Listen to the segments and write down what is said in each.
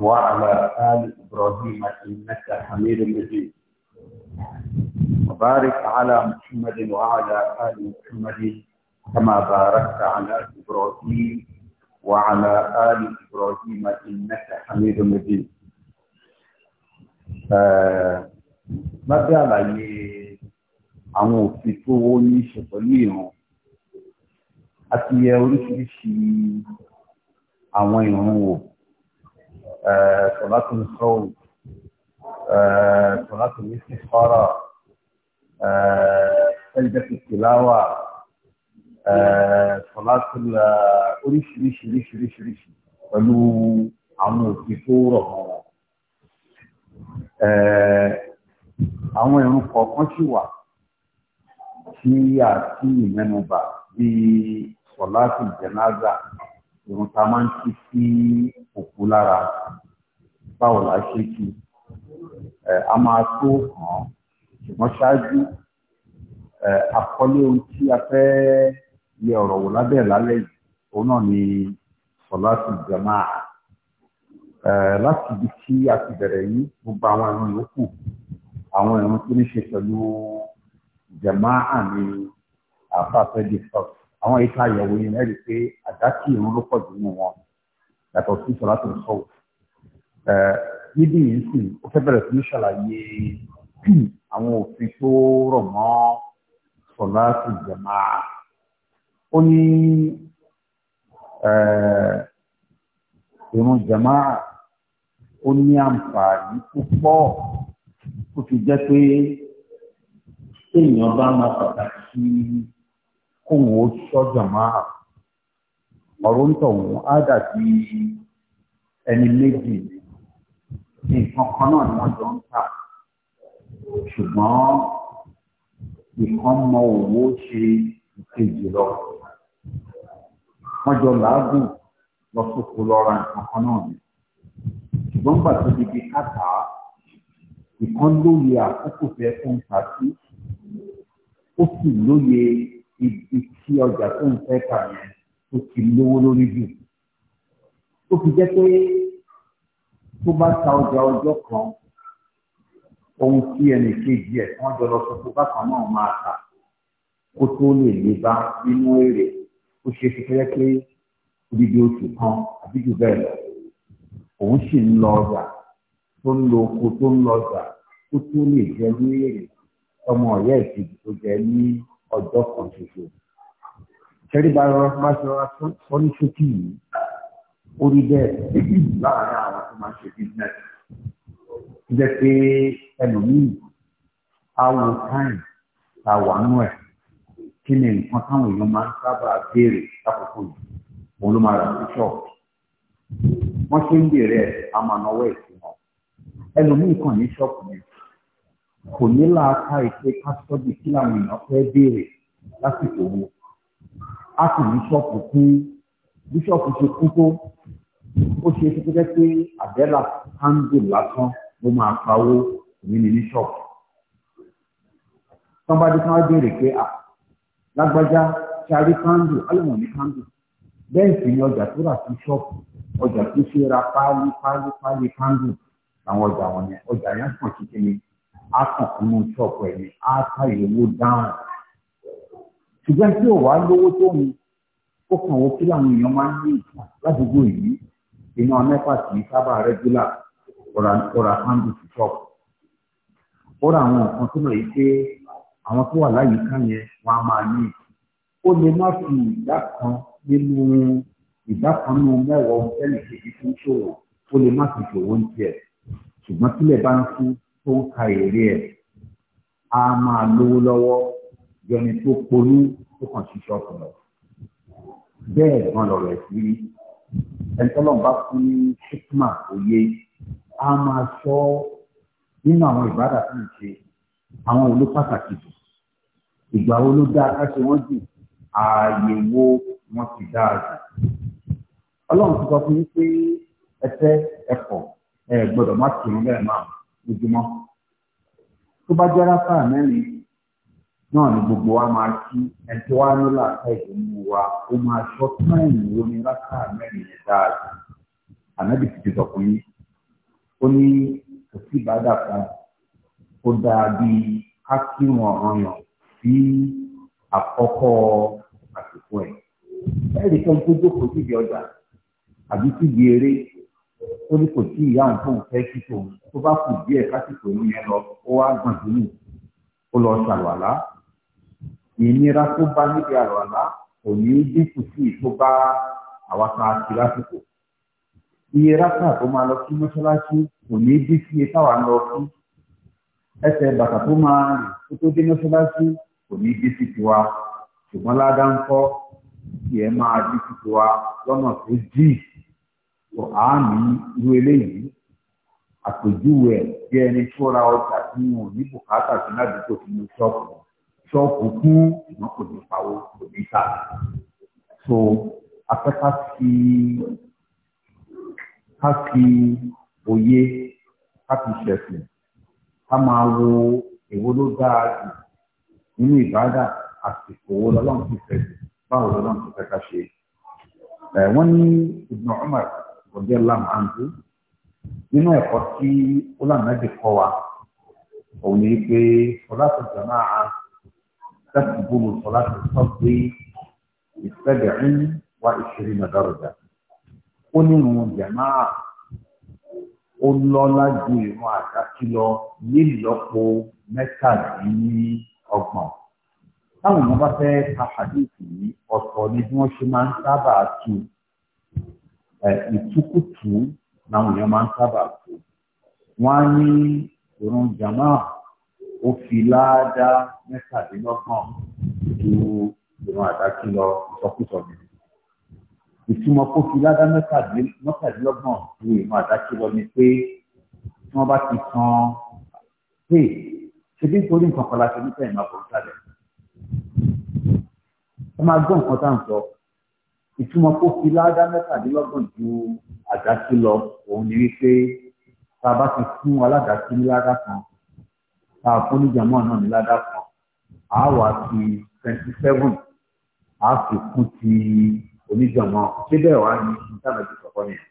وعلى آل إبراهيم إنك حميد مجيد وبارك على محمد وعلى آل محمد كما باركت على إبراهيم وعلى آل إبراهيم إنك حميد مجيد Lábẹ́ àlàyé àwọn òfin tó wó ní ṣe pẹ̀lú ìran, a yẹ oríṣiríṣi àwọn ìran wò صلاة الصوم صلاة الاستخارة سجدة التلاوة صلاة oríṣiríṣi oríṣiríṣi pẹ̀lú àwọn òfin tó rọ̀ mọ́ àwọn ẹ̀rùn kọ̀ọ̀kan sì wà tí a ti mẹ́nubà bíi sọ̀láàtì jẹ̀náza ìrùn ta máa ń kí sí òkú lára báwo la ṣe kí ẹ a máa tó hàn ṣùgbọ́n ṣáájú ẹ àkọlé ohun tí a fẹ́ yẹ ọ̀rọ̀ wò lábẹ́ lálẹ́ yìí òun náà ni sọláàtì jamaa ẹ láti ibi tí a ti bẹ̀rẹ̀ yìí gbogbo àwọn ẹ̀rọ yòókù àwọn ẹ̀rọ tó ní ṣe pẹ̀lú jamaa ni àfàfẹ́ di sọ àwọn ìta àyẹ̀wò yìí lẹ́rìí pé àdákì ìrún ló pọ̀ jù nínú wọn yàtọ̀ sí sọ̀rọ̀ àti sọ̀rọ̀ níbí yìí sì ó fẹ́ bẹ̀rẹ̀ sí ní ṣàlàyé àwọn òfin tó rọ̀ mọ́ sọ̀rọ̀ àti jẹ̀má ó ní ìrun jẹ̀má ó ní àǹfààní púpọ̀ ó fi jẹ́ pé èèyàn bá máa pàtàkì kóun ó ṣọ́ jẹ̀má àpò ọ̀rọ̀ ń tọ̀hún á dàbí ẹni méjì nǹkan kan náà ni wọ́n jọ ń tà ṣùgbọ́n ìkan mọ òwò ṣe ìkejì lọ wọ́n jọ làágùn lọ sóko lọ ra nǹkan kan náà ni ṣùgbọ́n gbà tó di bí kàtà ìkan lóye àkókò fẹ́ tó ń ta sí ó sì lóye ibi tí ọjà tó ń fẹ́ tà yẹn tó ti lówó lórí jù ó fi jẹ́ pé tó bá ta ọjà ọjọ́ kan ohun tí ẹnì kejì ẹ̀ wọ́n jọ lọ sọ pé bákan náà máa tà kó tó lè lè bá nínú èrè ó ṣe é ṣe kẹ́yẹ́ pé odidi oṣù kan àbí jù bẹ́ẹ̀ lọ òun sì ń lọ ọjà tó ń lo oko tó ń lọ ọjà tó tó lè jẹ ní èrè ọmọ ọ̀yá ìkejì tó jẹ ní ọjọ́ kan ṣoṣo. tẹ́ríba rọra má ṣe rọra sọ́ní ṣókí yìí ó rí bẹ́ẹ̀ láàárín àwọn tó máa ń ṣe business jẹ́ pé ẹlòmíì awo táìm ta wà nú ẹ̀ kí ni nǹkan táwọn èèyàn máa ń sábà béèrè lákòókò yìí ṣe a sì bíṣọ̀pù kú bíṣọ̀pù ṣe kú tó ó ṣe é ṣe pé àbẹ́là kándù lásán ló máa pawó èmi ní bíṣọ̀pù. tọ́mbadé kan á béèrè pé à lágbájá ṣarí kándù alùmọ̀ ní kándù bẹ́ẹ̀ sì ni ọjà tó rà sí ṣọ́ọ̀pù ọjà tó ṣe ra páálí páálí páálí kándù àwọn ọjà wọn yẹn ọjà yẹn kàn kíkiri á kàn kúnú ṣọ́ọ̀pù ẹ̀ ní á ká ìlówó dáhùn ṣùgbọ́n tí ò wá lówó tó ń ó kàn wọ́n kí làwọn èèyàn máa ń ní ìtàn ládùúgbò yìí iná mẹ́fà kì í sábà rẹ́gúlà ọ̀rà sáńdù sí ṣọ́ọ̀bù. ó ra àwọn nǹkan tó náà yìí pé àwọn tó wà láyìíká yẹn wọ́n á máa ní ìtàn. ó lè má fi ìdá kan nínú ìdá kan nínú mẹ́wàá ohun tẹ́lẹ̀ kejì tó ń ṣòwò ó lè má fi ṣòwò ń ṣùgbọ́n tílẹ̀ bá ń kú tó ń ka èrè ẹ̀ á máa lówó lọ́wọ́ jẹni tó polú tó kàn sí ṣọ́ọ̀bù lọ. bẹ́ẹ̀ gan lọ̀rọ̀ ẹ̀sìn rí ẹni tọ́lọ́ bá fún ní ṣíkímà òye a máa sọ nínú àwọn ìbádà tó ń ṣe àwọn olú pàtàkì jù ìgbà wo ló dáa ká ṣe wọ́n jù ààyè wo wọ́n ti dáa jù. ọlọ́run ti sọ fún mi pé ẹsẹ̀ ẹ̀kọ́ ẹ gbọ́dọ̀ má tì bẹ́ẹ̀ máa lójúmọ́. tó bá jẹ́ ráfà mẹ́rin náà ni gbogbo wa máa kí ẹtí wa ní làákà ìdùnnú wa ó máa sọ táìmù wo ni làákà mẹ́rin yẹn dáadáa ànábì ti ti sọ fún yín ó ní kò sí ìbádà kan ó dáa bíi ká kí wọn ọyàn sí àkọ́kọ́ àsìkò ẹ̀ ẹ̀rí kan tó jókòó síbi ọjà àbí síbi eré ó ní kò sí ìyá nǹkan fẹ́ kí tòun tó bá kù díẹ̀ lásìkò ìlú yẹn lọ ó wá gbọ̀n sínú ó lọ ṣàlùwàlá ìnira tó bá níbi àlọ́lá kò ní dínkù sí ìtó bá àwa tá a ti lásìkò iye rákà tó máa lọ sí mọ́ṣáláṣí kò ní dín sí iye táwa lọ sí ẹsẹ̀ bàtà tó máa rìn tó tó dé mọ́ṣáláṣí kò ní dín sí tiwa ṣùgbọ́n ládá ń kọ́ kí ẹ máa dín sí tiwa lọ́nà tó jì tó àmì irú eléyìí àpèjúwe ẹ̀ bí ẹni tó ra ọjà tí wọn ò ní bùkátà sí ládùúgbò tí mo ṣọ́ọ̀kù ṣọ́ọ̀kù fún ìmọ̀ kò ní pawó kò ní ta so afẹ́ká fi ká fi òye ká fi ṣẹ̀sìn ká máa wo èwo ló dáa jù nínú ìbádà àsìkò wo lọ́lọ́run ti fẹ́ báwo lọ́lọ́run ti fẹ́ ká ṣe wọ́n ní Ibn Umar radiyallahu anhu nínú ẹ̀kọ́ tí ó lànà ẹ̀dẹ̀ kọ́ wa òun ni pé ọlá tó jọ náà تخدم صلاة الفجر بسبع وعشرين درجة onírun jàmáà ó lọ́lá ju ìrun àdákí lọ nílọ́po mẹ́tàdínlọ́gbọ̀n táwọn ọmọ bá fẹ́ ka hadithi yìí ọ̀tọ̀ ni bí wọ́n ṣe máa ń sábà tu ìtukùtù làwọn èèyàn máa ń sábà tu wọ́n á ní ìrun jàmáà ó fi láádá mẹ́tàdínlọ́gbọ̀n ju ìran àdákí lọ ìsọkúsọ mi. ìtumọ̀ kó fi láádá mẹ́tàdínlọ́gbọ̀n ju ìran àdákí lọ ni pé tí wọ́n bá ti san pé ṣebí nítorí nǹkan kan láti nípa ìmọ̀ àbọ̀ ìsàlẹ̀. ẹ máa gbọ́ nǹkan tá à ń sọ ìtumọ̀ kó fi láádá mẹ́tàdínlọ́gbọ̀n ju àdákí lọ òun ni wípé tá a bá ti fún aládàákí ní láádá kan tá a fún níjàmọ́ náà ní ládàpọ̀ a wà sí twenty seven a sì kún ti oníjàmọ́ ṣé bẹ́ẹ̀ wá ní ìtànàjì sọ̀kọ́ yẹn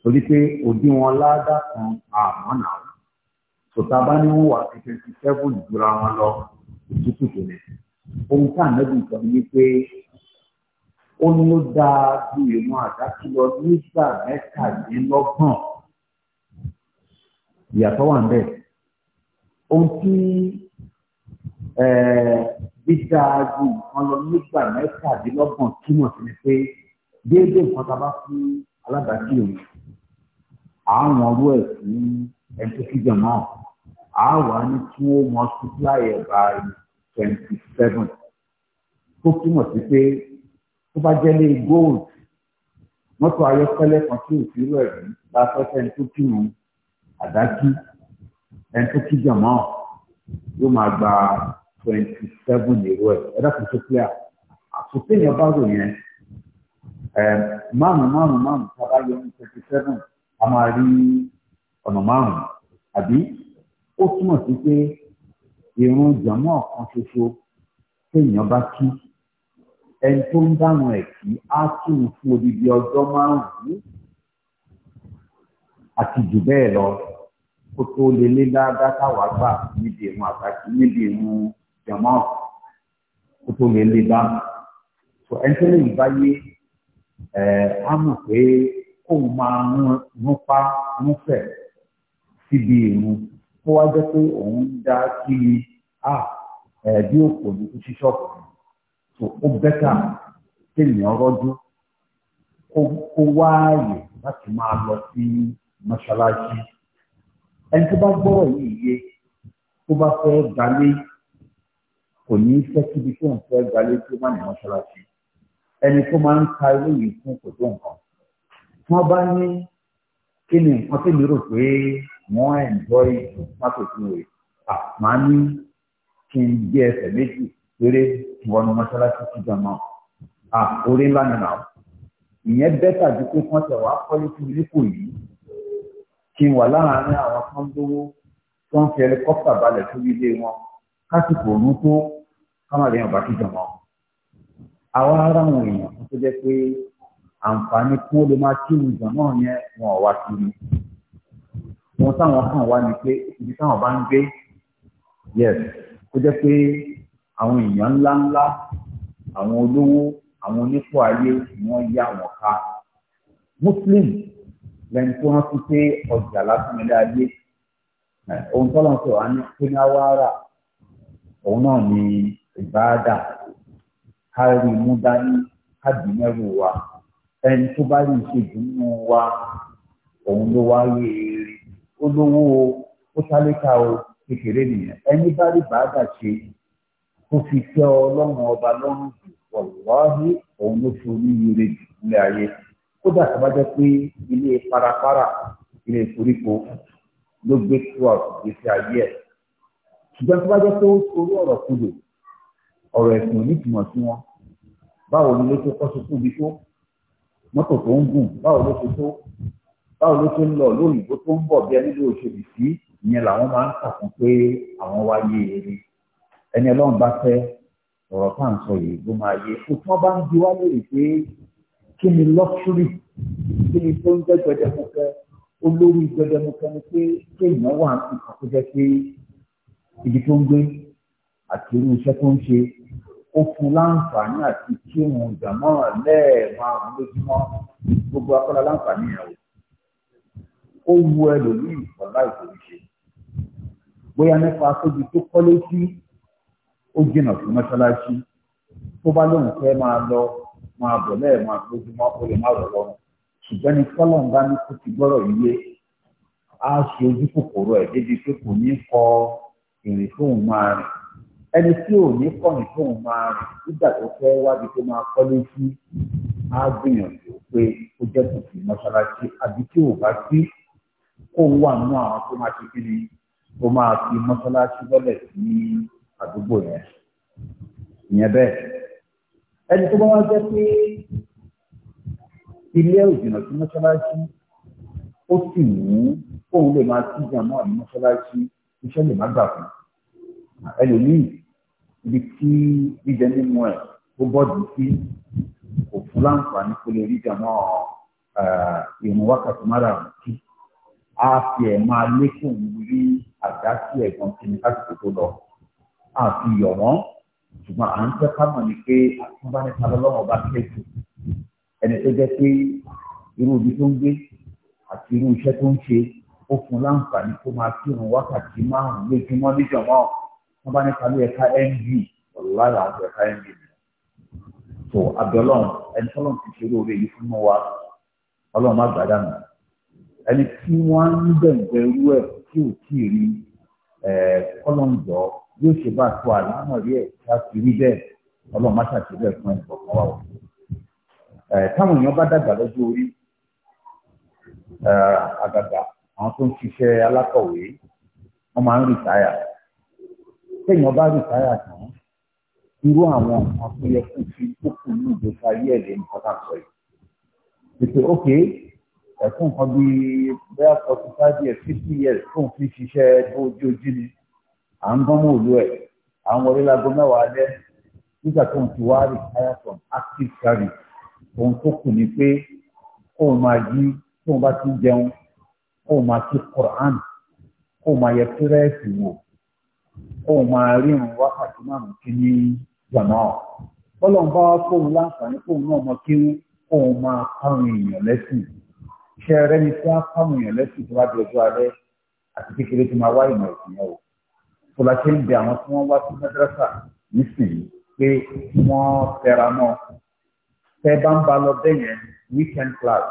torí pé òdiwọ̀n ládàpọ̀ àmọ́ náà sọ̀tà bá ní wọ́n wà sí twenty seven jura wọn lọ ìtútù tó ní ohun tá a nẹ́bí sọ ni pé ó ní ó dáa ju ìmọ̀ àdákì lọ nígbà mẹ́tàdínlọ́gbọ̀n ìyàtọ̀ wà ń bẹ́ẹ̀ ohun tí dídá ju nǹkan lọ nígbà mẹ́tàdínlọ́gbọ̀n túmọ̀ sí ni pé déédéé nǹkan tá a bá fún alábàákí òun àwọn ọwọ́ ẹ̀ fún ẹni tó kíjọ náà a wà ní tí wọ́n oh multiply ẹ̀ by twenty seven tó túmọ̀ sí pé tó bá jẹ́ lé gold mọ́tò ayọ́kẹ́lẹ́ kan tí ò sí rẹ̀ rí bá fẹ́ fẹ́ tó kírun àdájú ẹni tó kí jọ̀mọ́ yóò máa gba twenty seven èrò ẹ̀ ẹ dákun tó clear àtúntò yẹn bá rò yẹn márùn márùn márùn tá a bá yọ ní twenty seven a máa rí ọ̀nà márùn àbí ó túmọ̀ sí pé ìrun jọ̀mọ́ kan ṣoṣo téèyàn bá kí ẹni tó ń dáhùn ẹ̀ kí á tún fún odidi ọjọ́ márùn àti jù bẹ́ẹ̀ lọ kó tó lè lé dáadáa káwá gbà níbi ìrún àtàkì níbi ìrún jàmọ́ kó tó lè lé bá so ẹni tó lè bá yé ẹ á mọ̀ pé kóun máa rún pa rún fẹ̀ síbi ìrún kó wá jẹ́ pé òun dá kí ni a ẹ̀ẹ́dí òkò ní kúṣí ṣọ́ọ̀kù so ó bẹ́tà kéèyàn rọ́jú kó wáàyè láti máa lọ sí mọ́ṣáláṣí ẹni tó bá gbọ́rọ̀ yìí yé tó bá fẹ́ gbalé kò ní í fẹ́ síbi tó ń fẹ́ gbalé tó má ní mọ́ṣáláṣí ẹni tó máa ń ka ilé yìí fún kò tó nǹkan tí wọ́n bá ní kí ni nǹkan tó lérò pé wọ́n ẹ̀ǹjọ́ ìlú mátòkú rẹ̀ àmọ́ ní kí n gbé ẹsẹ̀ méjì péré wọ́n ní mọ́ṣáláṣí sí jọmọ́ à orí ńlá nìyàwó ìyẹn bẹ́tà ju pé kí wọ́n tẹ̀ wá kọ́lé sí kò yìí kí n wà láàárín àwọn tó ń dówó tó ń fi ẹlikọ́pítà balẹ̀ sórí ilé wọn kásìkò òun tó kámàlì yẹn bá kíjọ mọ́. àwa ará àwọn èèyàn tó jẹ́ pé àǹfààní kí wọ́n lè máa kírun ìjọ náà yẹn wọn ò wá kiri. wọn táwọn kàn wá ni pé ibi táwọn bá ń gbé yes kó jẹ́ pé àwọn èèyàn ńláńlá àwọn olówó àwọn onípò ayé ni wọ́n yá wọn ká. muslim lẹ́nu tí wọ́n fi pé ọjà lásán ilé ayé ohun tọ́lọ́ sọ wá ní pé òun náà ni ìbáàdà ká rí mú dání ká dì mẹ́rù wa ẹni tó bá rí ìṣèjú nínú wa òun ló wá rí eré olówó ó sálékà o kékeré nìyẹn ẹni bá rí bàádà ṣe tó fi tẹ́ ọ lọ́rùn ọba lọ́rùn jù wọ̀lọ́hí òun ló fi oníyire jù nílé ayé kódà tó bá jẹ́ pé ilé parapara ilé koríko ló gbé throughout ìgbésí ayé ẹ̀ ṣùgbọ́n tó bá jẹ́ pé orí ọ̀rọ̀ kodò ọ̀rọ̀ ẹ̀sìn onítumọ̀ sí wọn báwo ni ló tó kọ́ sókú bí tó mọ́tò tó ń gùn báwo ló tó tó báwo ló tó ń lọ lóyìnbó tó ń bọ̀ bí ẹni ló ṣe lè sí ìyẹn làwọn máa ń kà pé àwọn wá yé e ẹni ọlọ́run bá fẹ́ ọ̀rọ̀ tá à ń sọ yìí ló máa yé kó tí wọ́n bá ń di wá lórí pé kí ni luxury kí ni tó ń jẹ́ gbẹdẹmukẹ olórí gbẹdẹmukẹ ni pé kéèyàn wà nǹkan tó jẹ́ pé ibi tó ń gbé àti irú iṣẹ́ tó ń ṣe ó fún láǹfààní àti kí òun jàmọ́ lẹ́ẹ̀márùn lójúmọ́ gbogbo akọ́lá láǹfààní yẹn o ó wu ẹlòmíì ọ̀la ìkòrí bóyá nípa tóbi tó kọ́lé sí ó jìnnà sí mọ́ṣáláṣí tó bá lóun fẹ́ máa lọ máa bọ̀ lẹ́ẹ̀mọ́ lójúmọ́ ó lè má rọ̀ lọ́rùn ṣùgbọ́n ní fọlọ́n bá ní kó ti gbọ́rọ̀ yíyé á ṣe ojú kòkòrò ẹ̀ débi pé kò ní kọ ìrìn fóun máa rìn ẹni tí ò ní kọ̀yìn fóun máa rìn nígbà tó fẹ́ wábi tó máa kọ́ létí á gbìyànjú pé ó jẹ́ kò sí mọ́ṣáláṣí àbí tí ò bá sí kó wà nínú àwọn tó máa ṣe kí ni tó máa fi mọ́ṣáláṣí lọ́lẹ̀ sí àdúgbò yẹn ìyẹn bẹ́ẹ̀ ẹni tó bá wá jẹ́ pé ilé òjìnà sí mọ́ṣáláṣí ó sì wù ú kóun lè máa sí ìjàmọ́ àmì mọ́ṣáláṣí iṣẹ́ lè má gbà fún ẹlòmíì ibi tí jíjẹ nínú ẹ̀ ó bọ́ọ̀dù sí kò fún láǹfààní kó lè rí ìjàmọ́ ìrùn wákàtí márààrún kí a fi ẹ̀ máa lékún rí àdásí ẹ̀gbọ́n kí ni lásìkò tó lọ àfi yọ̀ ṣùgbọ́n à ń fẹ́ ká mọ̀ ní pé àtúbánisá lọ́wọ́ bá kẹ́ẹ̀tù ẹni tó jẹ́ pé irú ibi tó ń gbé àti irú iṣẹ́ tó ń ṣe ó fún láǹfààní kó máa kírun wákàtí márùn-ún lójúmọ́ níjọ̀mọ́ wọ́n bá nípa ló ẹ̀ka mb ọ̀láyà àti ẹ̀ka mb tó abẹ́ọ́lọ́run ẹni tọ́lọ́run ti ṣe lóore yìí fún wa ọlọ́run má gbàdá nù ẹni tí wọ́n ń gbẹ̀ǹgbẹ̀ irú ẹ̀ tí ò tí ì rí kọ́lọ́ǹjọ́ yóò ṣe bá tó àlámọ̀ rí ẹ̀ láti rí bẹ́ẹ̀ ọlọ́run má ṣàṣeyọ ẹ̀fọn ẹ̀fọn kan wà wọ́n. táwọn èèyàn bá dàgbà lọ́jọ́ orí àgàgà àwọn tó ń ṣiṣẹ́ alákọ̀wé wọ́n máa ń rìtáyà téèyàn bá rìtáyà tán irú àwọn nǹkan tó yẹ kó fi kókò ní ìgbésí ayé ẹ̀ lé nǹkan tá à ń sọ yìí. pèsè ókè ẹ̀fún nǹkan bíi bẹ́ẹ̀ forty five years fifty years tó fi ṣiṣẹ́ ojú ojú ni à ń gbọ́n mọ́ òlu ẹ̀ à ń wọlé láago mẹ́wàá alẹ́ nígbà tó ń ti wá retire from active service ohun tó kù ni pé kóun máa jí tóun bá ti ń jẹun kóun máa ti Quran kóun máa yẹ pírẹ́ẹ̀sì wò kóun máa rí ìrìn wákàtí márùn-ún kí ní jàmá bọ́lọ̀ ń bá wá fóun láǹfààní kóun náà mọ kí kóun máa kárun èèyàn lẹ́sìn ṣe rẹ́ni tí wọ́n kárun èèyàn lẹ́sìn tó bá di ọjọ́ alẹ́ àti kékeré tó máa wá ìmọ̀ ìsìn yẹn o tó la ṣe ń bẹ àwọn tí wọ́n wá sí mẹ́dẹ́rẹ́sà nísìnyí pé wọ́n tẹra mọ́ tẹ bá ń ba lọ bẹ́ẹ̀ yẹn weekend class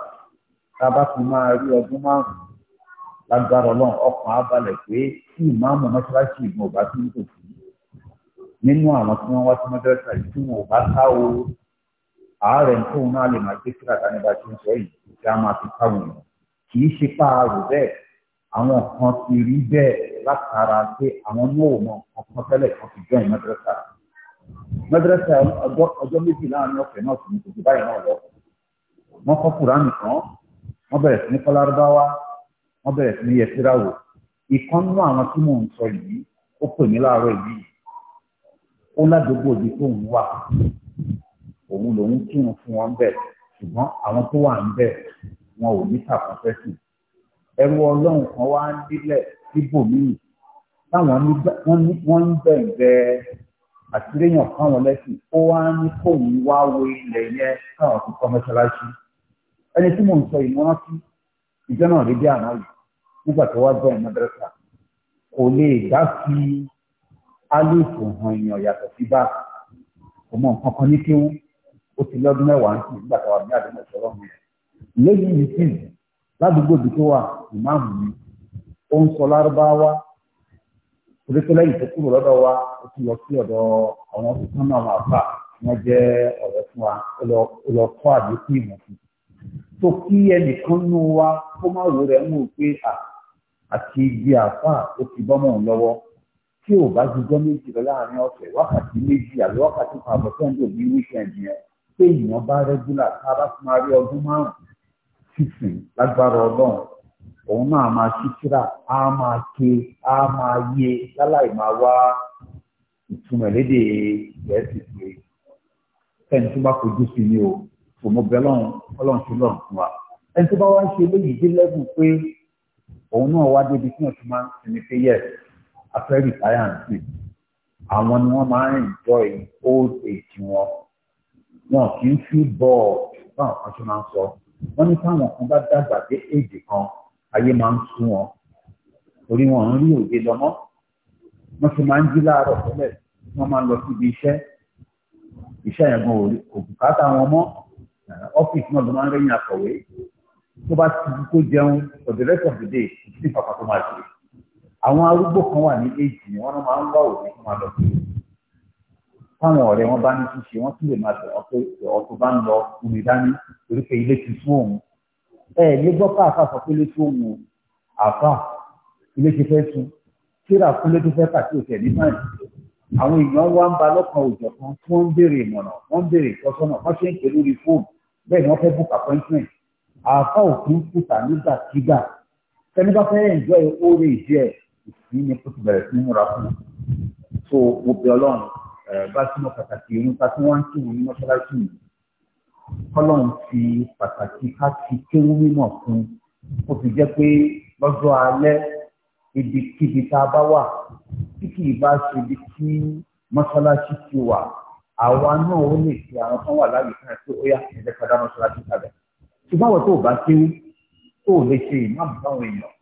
tá a bá fi máa rí ọdún márùn-ún lágbára ọlọ́run ọkàn á balẹ̀ pé tí ìmáàmù mọ́ṣáláṣí ìgbọ̀n ò bá tún tò sí nínú àwọn tí wọ́n wá sí mọ́ṣáláṣí yìí tí wọn ò bá ká o ààrẹ nǹkan náà lè máa gbé síra dání bá ṣe ń sọ yìí kí a máa fi káwọn èèyàn kì í ṣe pa bẹ́ẹ̀ àwọn kan ti rí bẹ́ẹ̀ látara pé àwọn yóò mọ ọkọ tẹ́lẹ̀ kan ti join mẹdẹrẹsà mẹdẹrẹsà ọjọ́ méjì láàrin ọ̀fẹ́ náà sì ní kò ju báyìí náà lọ wọn kọ kùránì kan wọn bẹ̀rẹ̀ sí ní kọlárúbáwá wọn bẹ̀rẹ̀ sí ní yẹsíráwò ìkan nú àwọn tí mò ń sọ yìí ó pè mí láàárọ̀ yìí ó ládùúgbò ibi tó ń wà òun lòun kírun fún wọn bẹ́ẹ̀ ṣùgbọ́n àwọn tó wà ń bẹ wọn ò ní sàkọsẹsì ẹrú Ọlọ́run kan wá ń dílẹ síbòmíì táwọn wọ́n ń bẹ̀rẹ̀ àtìlẹ́yìn ọ̀káwọn lẹ́sìn ó wá ní kóun wá wo ilẹ̀ yẹn káwọn fi kọ́ mọ́ṣáláṣí ẹni tí mò ń sọ ìmọ̀rántí ìjọ náà lè dé àná yìí nígbà tó wá bẹ̀rẹ̀ mọ́dẹ́rẹ́sà kò lè dá sí alóòfò hàn èèyàn yàtọ̀ sí bá kò mọ nǹkan kan ní kéwú ó ti lọ́dún mẹ́wàá ń sìn nígbà tó wà ní àdúgbò ìṣọ́rọ́ mi lẹ́yìn yìí ládùúgbò bí tó wà ìmáàmù mi ó ń sọ lárúbáwá torípélé yìí tó kúrò lọ́dọ̀ wa ó ti lọ sí ọ̀dọ̀ àwọn tó tán náà máa fà wọ́n jẹ́ ọ̀rẹ́ fún wa ó lọ kọ́ àdínkù ìmọ̀ sí i tó kí ẹnìkan nú wa kó má wò rẹ̀ mú pé à àti ibi àfà ó ti bọ́ mọ̀ lọ́wọ́ tí ò bá ti gbọ́ méjì lọ láàrin ọ̀sẹ̀ wákàtí méjì àbí wákàtí kan àbọ̀ sẹ́ńdò bí wíkẹ́ǹdì yẹn pé èèyàn bá rẹ́gúlà tá a bá ti máa rí ọdún márùn-ún sísìn lágbára ọlọ́run òun náà máa ṣí tíra á máa ké á máa yé láláì máa wá ìtumọ̀ léde gẹ̀ẹ́sì pé ẹni tó bá fojú sí ni o fòmọ bẹ lọ́run ọlọ́run ṣe lọ́run fún wa ẹni tó bá wá ṣe léyìí dé lẹ́gùn pé òun náà wá débi tí wọ́n ti máa ń sinmi pé yẹ afẹ́ rìtáyàǹsì àwọn ni wọ́n máa ń enjoy old age wọn wọn kì í fi bọ́ọ̀ báwọn kan ṣe máa ń sọ wọ́n ní táwọn kan bá dàgbà dé èjì kan ayé máa ń sún wọn orí wọn ń rí òde lọ́mọ́ wọ́n ti máa ń jí láàárọ̀ tẹ́lẹ̀ wọ́n máa ń lọ síbi iṣẹ́ iṣẹ́ yẹn gan òbùkátà wọn mọ́ ọ́fíìsì náà ló máa ń rẹ́yìn akọ̀wé tó bá ti kó jẹun for the rest of the day kò sí pàpà tó máa ṣe àwọn arúgbó kan wà ní éèjì ni wọ́n máa ń wá òde tó máa lọ sí i táwọn ọ̀rẹ́ wọn bá ní ṣíṣe wọ́n sì lè máa bẹ̀rẹ̀ pé ọ̀tún bá ń lọ omi dání torí pé ilé ti fún òun ẹ lè gbọ́ pé àfa sọ pé ló tó wù àfa ilé ti fẹ́ tu kíra kúlé tó fẹ́ kà sí òkè ní báyìí àwọn èèyàn wá ń ba lọ́kàn òjọ̀ kan tí wọ́n ń béèrè ìmọ̀nà wọ́n ń béèrè ìtọ́sọ́nà wọ́n ṣe ń pè lórí fóònù bẹ́ẹ̀ ni wọ́n fẹ́ book appointment àáfà òkú ń kùtà nígbàkigbà tẹni bá fẹ́ enjoy oore ìdí ẹ̀ ìsìn ni kó ti bẹ̀rẹ̀ sí múra fún un so mo bẹ ọlọ́run bá túmọ̀ pàtàkì irun ká tí wọ́n ń kírun ní mọ́ṣáláṣí yìí kọ́lọ́n fi pàtàkì ká ti kéwú mímọ̀ fún ó fi jẹ́ pé lọ́jọ́ alẹ́ ibikíbi tá a bá wà tí kì í bá ṣe ibi tí mọ́ṣáláṣí ti wà àwa náà ó lè fi àwọn kan wà láàyè kan pé ó yà ẹ̀jẹ̀ ká dá mọ́ṣáláṣí padà ṣùgbọ́n àwọn tó bá kéwú tó lè ṣe ìmáàmù báwọn èèyàn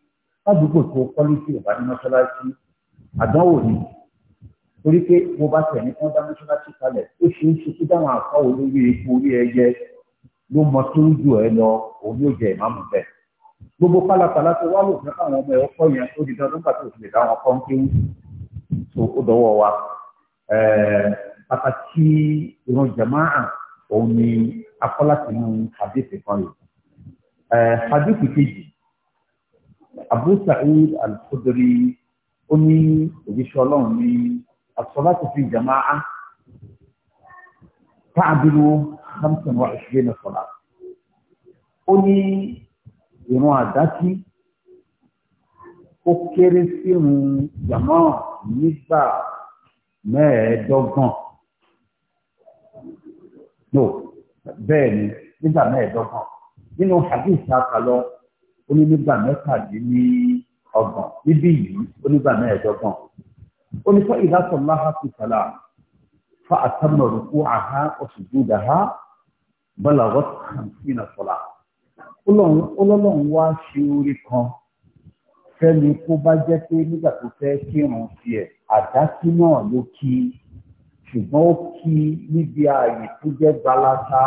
ládùúgbò tó kọ́lé sí ìbánimọ́ṣáláṣí àdánwò ni torí pé mo bá tẹ̀ ní wọ́n bá mọ́ṣáláṣí kalẹ̀ ó ṣeé ṣe kí dáhùn àfa olórí epo orí ẹyẹ ló mọ tó ń jù ẹ lọ òun yóò jẹ ìmáàmù bẹ́ẹ̀ gbogbo pálapàla tó wá lòfin káwọn ọmọ ẹ ọkọ yẹn ó di dandan nígbà tó o sì lè dáhùn ọkọ ń kéwù tó ó dọ́wọ́ wa pàtàkì ìran jamaa òun ni akọ́látìmú hadith kan yìí hadith kejì Abu Sa'id al-Khudri ó ní òjíṣẹ́ Ọlọ́run ní. الصلاة في جماعة تعدل 25 صلاة أني ìrún àdákí ó kéré sírun jàmọ́ nígbà mẹ́ẹ̀ẹ́dọ́gbọ̀n no bẹ́ẹ̀ ni nígbà mẹ́ẹ̀ẹ́dọ́gbọ̀n nínú hadith àkàlọ ó ní nígbà mẹ́tàdínlọ́gbọ̀n níbí yìí ó nígbà mẹ́ẹ̀ẹ́dọ́gbọ̀n ó ní fún ìdásọ̀lá ha ti sàlá fa àtàmà rùkú àhá ọ̀sùdúdà ha bọ́lá rọ́tàǹtìnà sọ̀lá ọlọ́run wá ṣe orí kan fẹ́ni kó bá jẹ́ pé nígbà tó fẹ́ kírun sí ẹ̀ àdásí náà ló kí ṣùgbọ́n ó kí níbi ààyè tó jẹ́ gbalata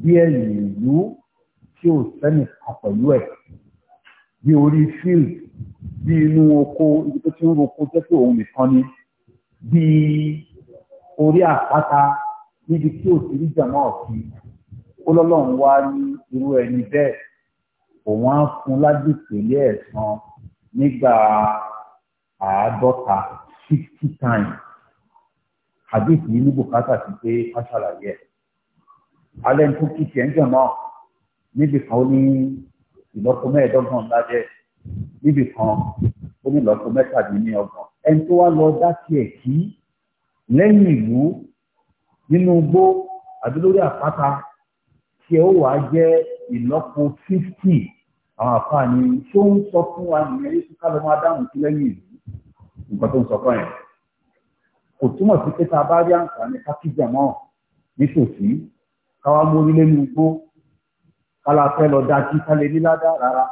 bí ẹ̀yìn ìlú tí ò sẹ́nìkan pẹ̀lú ẹ̀ bí orí fíìlì bí inú oko ibi tó ti ń roko jẹ́ pé òun nìkan ni bí orí àpáta níbi tí òṣèré jàmọ́ ọ̀sìn ó lọ́lọ́run wá ní irú ẹni bẹ́ẹ̀ òun á fún lágbègbè ilé ẹ̀sán nígbà àádọ́ta sixty times àdéhùn yìí ní bùkátà ti pé ká ṣàlàyé ẹ̀ alẹ́ ní tó kí ń jàmọ́ níbi kan ó ní ìlọ́po mẹ́ẹ̀ẹ́dọ́gbọ̀n lájẹ́ níbì kan ó ní lọ́kọ mẹ́tàdínlọ́gbọ̀n ẹni tó wá lọ dá tiẹ̀ kí lẹ́yìn ìlú nínú igbó àbí lórí àpáta tiẹ̀ ó wàá jẹ́ ìlọ́po fifty àwọn àfààní tí ó ń sọ fún wa nìyẹn yìí ká ló máa dáhùn sí lẹ́yìn ìlú nǹkan tó ń sọ fún yẹn kò túmọ̀ sí pé tá a bá rí àǹfààní kákíjà náà nítòsí káwá mórí lẹ́nu igbó kálá fẹ́ lọ dájú kálẹ̀ nílá dá rárá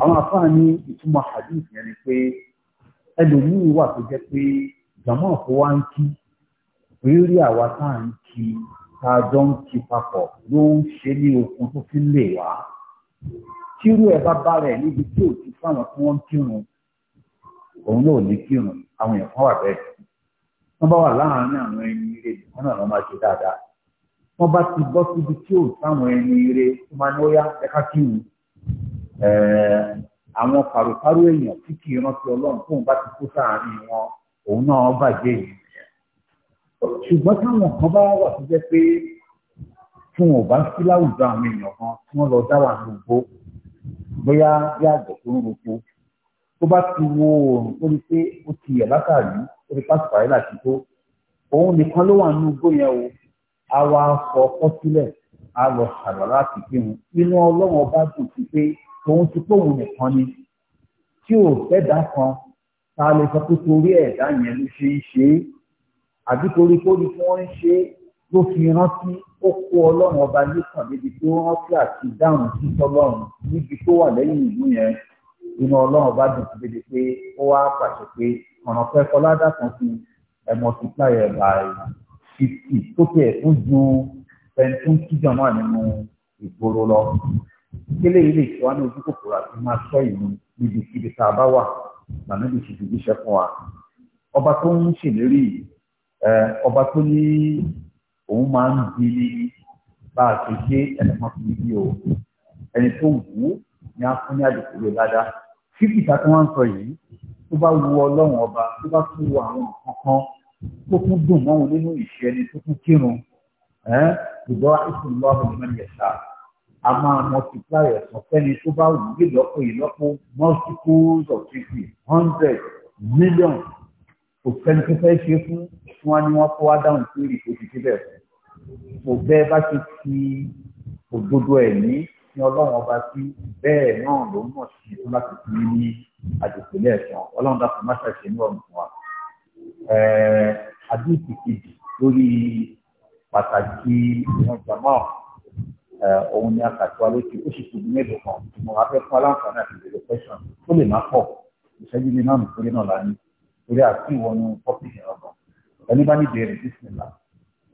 àwọn àfáà ní ìtumọ̀ hadith yẹn ni pé ẹlòmíì wà tó jẹ́ pé jàmọ́ ọ̀pọ̀ wa ń kí rírí àwa tá à ń kí tá a jọ ń kí papọ̀ ló ń ṣe ní okun tó fi ń lè wá tírú ẹ bá bá rẹ níbi tí ò ti fáwọn tí wọ́n ń kírun òun náà ò ní kírun àwọn èèyàn kan wà bẹ́ẹ̀ wọ́n bá wà láàárín àwọn ẹni ire nìkan náà wọ́n máa ṣe dáadáa wọ́n bá ti bọ́ síbi tí ò sáwọn ẹni ire tó máa ní ó yá ẹ̀ka kírun Eh, àwọn paru-paru èèyàn tí kì í rántí ọlọ́run tóun bá ti kú sáàárín wọn òun náà bàjẹ́ yìí ṣùgbọ́n táwọn kan bá wà tó jẹ́ pé tí wọn ò bá sí láwùjọ àwọn èèyàn kan tí wọ́n lọ dá wà ní ògbó bóyá bí àgbẹ̀ tó ń roko tó bá ti wo oòrùn tó rí pé ó ti yẹ̀ látàrí ó rí pásítọ̀rẹ́ láti tó òun nìkan ló wà ní ògbó yẹn o a wá sọ ọkọ sílẹ̀ a lọ ṣàlọ́ láti pé wọn inú ọlọ́run ọba dùn sí pé tòun ti pòun nìkan ni tí ò fẹ́dá kan ta lè sọ pé torí ẹ̀dá yẹn ló ṣe ń ṣe é àbí torí kó ní kí wọ́n ń ṣe é ló fi rántí ó kó ọlọ́run ọba nìkan níbi tó rántí àti dáhùn sí tọ́lọ́run níbi tó wà lẹ́yìn ìlú yẹn inú ọlọ́run ọba dùn sí dédé pé ó wá pàṣẹ pé ọ̀nà fẹ́ kọ́ládà kan fún ẹ̀mọ́ ti pààyà ẹ̀bà fifty tó tẹ̀ ju ẹni tó ń kíjọ náà nínú ìgboro lọ kílé ilé ìtura ní ojú kòkòrò àti máa sọ ìlú níbi kíbi tá a bá wà lànàbì sì fi jíṣẹ́ fún wa ọba tó ń ṣèlérí ọba tó ní òun máa ń di ní bá a ṣe ṣe ẹnìkan fún ibi o ẹni tó wù ú ni a fún ní àdìpọ̀ ló dáadáa fífi ìtàkùn wa ń sọ yìí tó bá wu ọlọ́run ọba tó bá tún wo àwọn nǹkan kan tó tún dùn mọ́ òun nínú ìṣe ẹni tó tún kírun ṣùgbọ́n ìṣòro lọ́wọ́ a máa multiply ẹ̀sán fẹ́ni tó bá wù yí lọ́pọ̀ yìí lọ́pọ̀ multiples of fifty hundred million kò sẹ́ni tó fẹ́ ṣe fún fún wa ni wọ́n kó wá dáhùn sí ìrìkòtì síbẹ̀ kò bẹ́ẹ̀ bá ti fi òdodo ẹ̀ ní ní ọlọ́run ọba sí bẹ́ẹ̀ náà ló ń mọ̀ sí tó láti fi ní àdìsílẹ̀ ẹ̀sán ọlọ́run dàpọ̀ má ṣàṣe ní ọ̀nà wa. àdìsí kejì lórí pàtàkì ìwọ̀n jàmáà Eh, òun ni akàtúwa lókè ó sì tóbi mélòó kan mo wá fẹ́ fún aláǹfààní àti ìbẹ̀rẹ̀ pẹ́sàn tó lè má pọ̀ ìṣẹ́jú ní náà nítorí náà la ní torí àti ìwọnú pọ́pìsì ọgbọ̀n ẹni bá ní ìbéèrè bísímìlà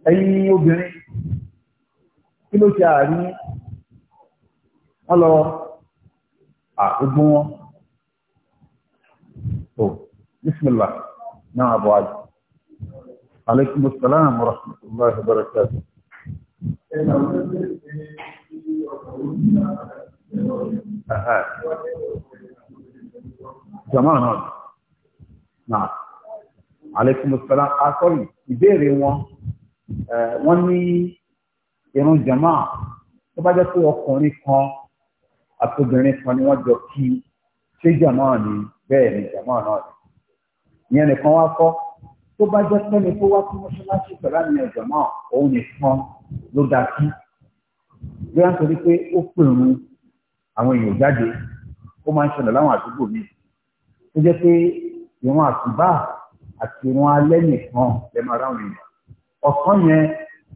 ẹ̀yin obìnrin kí ló ṣe àárín wọn lọ àgbógbó wọn tó bísímìlà náà àbọ̀ àjò alaikum salaam wa jọmọ́ náà náà alaikumussalam asọ́rì ah, ìbéèrè wọn eh, wọ́n ní irun jọmọ́ tó bá jẹ́ pé ọkùnrin kan àtòbìnrin kan ni wọ́n jọ kí ṣé jọmọ́ ni bẹ́ẹ̀ ni jọmọ́ náà ni ìyẹn nìkan wá kọ́ tó bá jẹ́ tó wá fún mọ́ṣáláṣí pẹ̀lú àmì ẹ̀jọ̀mọ́ òun ló ga sí bí wọ́n sọ wípé ó pèrú àwọn èèyàn jáde ó máa ń ṣẹlẹ̀ láwọn àdúgbò mi tó jẹ́ pé ìwọ̀n àtúbà àti ìwọ̀n alẹ́ nìkan lè máa ráwọn èèyàn ọ̀sán yẹn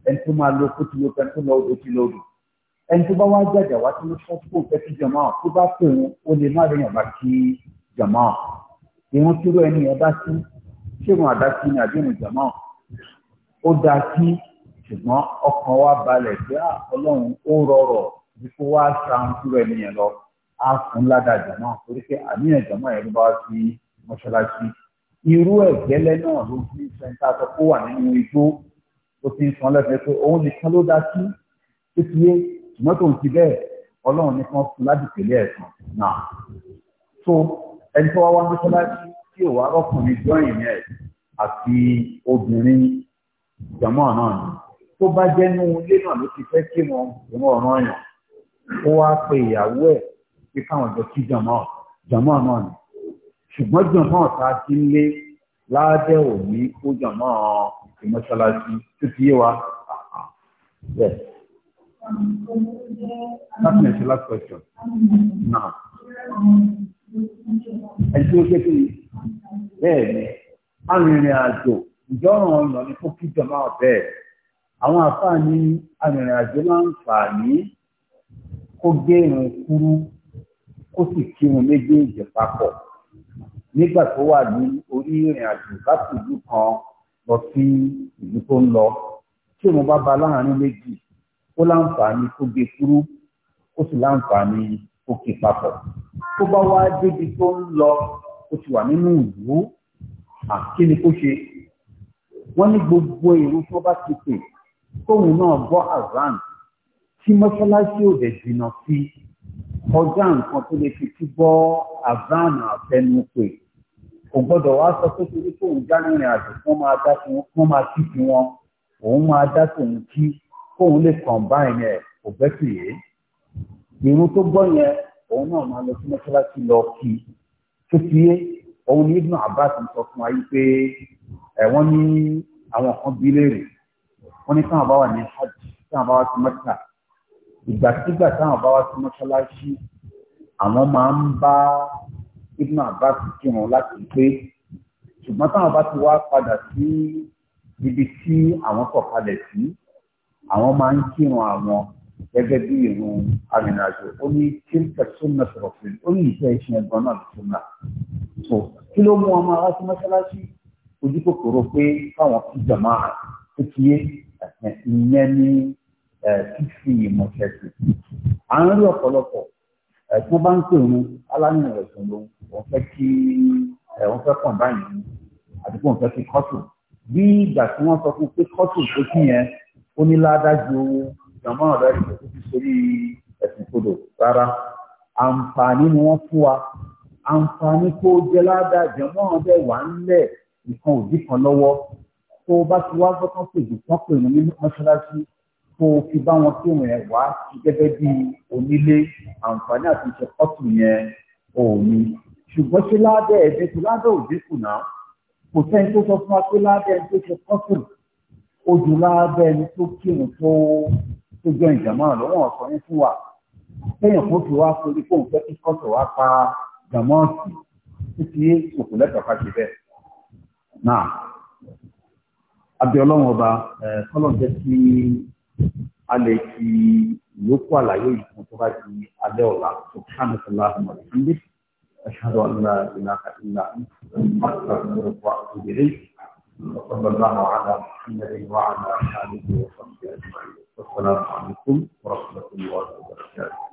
ẹni tó máa lo kótìló ẹni tó lọ odò tí lọ odò ẹni tó bá wá jàjà wá tí wọ́n ṣọ́ọ́tù kó fẹ́ kí jọmọ́ tó bá pèrú ó lè má rẹ̀yàn bá kí jọmọ́ ìwọ̀n tó rọ ẹni yẹn bá sí ṣé wọn àdá sí ni àbí jọmọ́ ó dáa sí ṣùgbọ́n ọkàn wa balẹ̀ pé ah, ọlọ́run ó rọrọ̀ bí kó wá ṣàǹ kúrò ẹnìyẹn lọ á fún ládàjà náà torí pé àníyàn jọmọ yẹn ló bá sí mọ́ṣáláṣí irú ẹ̀gẹ́lẹ́ náà ló fi ṣẹńtà sọ pé ó wà nínú igbó ó ti ń san lẹ́sẹ̀ pé òun nìkan ló dá sí kékeré ṣùgbọ́n tó ń ti bẹ́ẹ̀ ọlọ́run nìkan fún ládìpẹ̀lẹ́ ẹ̀sán náà tó ẹni tó wá wá mọ́ṣáláṣí tí ò wá rọ́kùnrin jọ́yìn yẹn àti obìnrin jọmọ náà ni tó bá jẹ́ nínú ilé náà ló ti fẹ́ kí wọn òun ọ̀ràn yàn ó wáá pe ìyàwó ẹ̀ pé káwọn jọ kí jọmọ́ jọmọ́ náà ni ṣùgbọ́n jọmọ́ ta ti ń lé òní ó jọmọ́ ìmọ̀ṣáláṣí tó ti yé wa. That's my last question. Now, ẹ̀jú ó ké kiri bẹ́ẹ̀ ni arìnrìn àjò ìjọ́ràn ọ̀nà ni fún kíjọba ọ̀bẹ́ẹ̀ àwọn àfáà ní arìnrìnàjò máa ń fà ní kó gé irun kúrú kó sì kírun méjèèjì papọ̀ nígbà tó wà ní orí ìrìn àjò láti ìlú kan lọ sí ìlú tó ń lọ tí òun bá ba láàrin méjì ó láǹfààní kó gé kúrú ó sì láǹfààní kó ké papọ̀ tó bá wá débi tó ń lọ ó ti wà nínú ìlú àkíni kó ṣe wọ́n ní gbogbo ìlú tó bá ti pè tóun náà bọ́ àrán tí mọ́ṣáláṣí ò dẹ̀ jìnnà sí kọjá nǹkan tó lè fi túbọ̀ àrán àfẹnupè kò gbọ́dọ̀ wá sọ pé torí tóun já rìnrìn àjò kí wọ́n máa dá sí wọn kí wọ́n máa kí sí wọn òun máa dá tóun kí kóun lè kàn báyìí ẹ̀ kò bẹ́sì yé irun tó gbọ́ yẹn òun náà máa lọ sí mọ́ṣáláṣí lọ kí tó fi yé òun ní Ibn Abbas sọ fún wa yìí pé ẹ̀wọ́n ní àwọn kan bí léèrè wọ́n ní táwọn bá wà ní hajj táwọn bá wà sí mọ́tà ìgbàkigbà táwọn bá wà sí mọ́ṣáláṣí àwọn máa ń bá ibùdó àbá ti kírun láti pé ṣùgbọ́n táwọn bá ti wá padà sí ibi tí àwọn sọ̀kalẹ̀ sí àwọn máa ń kírun àwọn gẹ́gẹ́ bí irun arìnrìnàjò ó ní kíríkà súnmọ́ sọ̀rọ̀ fún ó ní ìfẹ́ iṣẹ́ ẹ̀gbọ́n náà súnmọ́ so kí ló mú ọmọ ará mọ́ṣáláṣí ojú kòkòrò pé káwọn kí jàmáà tó kíyé ìyẹn ní fífi ìmọ̀ṣẹ́ sí à ń rí ọ̀pọ̀lọpọ̀ tí wọ́n bá ń pè wọn aláyàn rẹ̀ sùn ló wọ́n fẹ́ kí wọ́n fẹ́ kàn báyìí àti pé wọ́n fẹ́ kí kọ́tù bí ìgbà tí wọ́n sọ fún pé kọ́tù tó kí yẹn ó ní ládájú owó ìjọba ọ̀rẹ́ rẹ̀ tó fi sórí ẹ̀sìn kodò rárá àǹfààní ni wọ́n fún wa àǹfààní kó jẹ́ ládàá ìjọba ọ̀rẹ́ wà ń lẹ̀ nǹkan tó o bá ti wá gbọ́tàn pèjì wọ́n pè ní mọ́ṣáláṣí kó o fi bá wọn kí òun ẹ̀ wá gẹ́gẹ́ bí onílé àǹfààní àti ìṣe ọ̀tù yẹn òní ṣùgbọ́n ṣé ládẹ́ ẹ̀dẹ́ tó ládẹ́ òdì kù náà kò sẹ́ni tó sọ fún wa pé ládẹ́ ẹni tó ṣe kọ́tù ojú ládẹ́ ẹni tó kírun tó tó jọ ìjàmọ́ lọ́wọ́ ọ̀sán yín fún wa kéèyàn kó fi wá sórí kóun fẹ́ kí kọ́tù wá pa jàmọ́ọ̀sì títí òkú ká ṣe bẹ́ẹ̀ náà abẹ́ ọlọ́run ọba kọ́lọ̀ jẹ́ kí a lè fi ìyókù àlàyé ìfún tó bá di alẹ́ ọ̀la tó kánú tó láàrín ọ̀la ìfúnlẹ̀ aṣáájú àlá ìlà ìlà ìfúnlẹ̀ ìbílẹ̀ وصلى الله على محمد وعلى اله وصحبه اجمعين والسلام عليكم ورحمه الله وبركاته